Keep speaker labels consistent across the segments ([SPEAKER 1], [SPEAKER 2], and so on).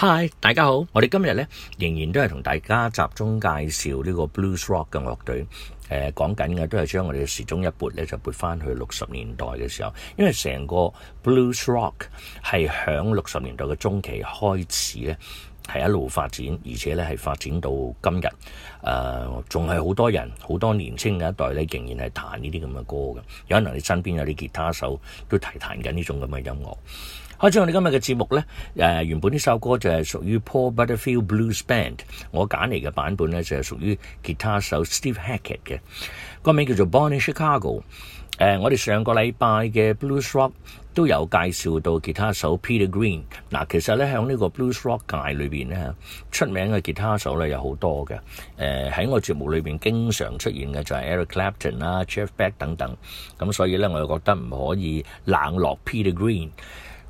[SPEAKER 1] Hi，大家好。我哋今日咧仍然都係同大家集中介紹呢個 Blues Rock 嘅樂隊。誒、呃，講緊嘅都係將我哋嘅時鐘一撥咧，就撥翻去六十年代嘅時候。因為成個 Blues Rock 係響六十年代嘅中期開始咧。係一路發展，而且咧係發展到今日，誒仲係好多人，好多年青嘅一代咧，仍然係彈呢啲咁嘅歌嘅。有可能你身邊有啲吉他手都提彈緊呢種咁嘅音樂。開始我哋今日嘅節目咧，誒、呃、原本呢首歌就係屬於 Paul Butterfield Blues Band，我揀嚟嘅版本咧就係、是、屬於吉他手 Steve Hackett 嘅，個名叫做 Born in Chicago。誒、呃、我哋上個禮拜嘅 Blues Rock。都有介紹到吉他手 Peter Green 嗱，其實咧喺呢個 Blues Rock 界裏邊咧，出名嘅吉他手咧有好多嘅。誒、呃、喺我節目裏邊經常出現嘅就係 Eric Clapton 啦、啊、Jeff Beck 等等。咁所以咧，我又覺得唔可以冷落 Peter Green。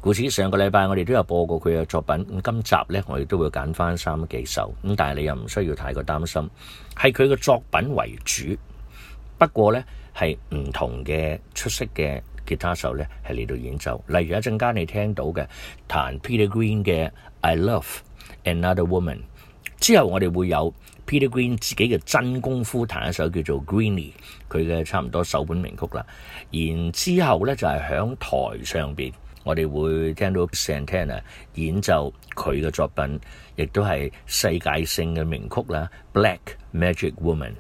[SPEAKER 1] 故此上個禮拜我哋都有播過佢嘅作品。咁今集咧，我亦都會揀翻三幾首。咁但係你又唔需要太過擔心，係佢嘅作品為主。不過咧，係唔同嘅出色嘅。吉他手咧係嚟到演奏，例如一陣間你聽到嘅彈 Peter Green 嘅 I Love Another Woman，之後我哋會有 Peter Green 自己嘅真功夫彈一首叫做 Greenie，佢嘅差唔多首本名曲啦。然之後咧就係響台上邊，我哋會聽到 Santana 演奏佢嘅作品，亦都係世界性嘅名曲啦，《Black Magic Woman》。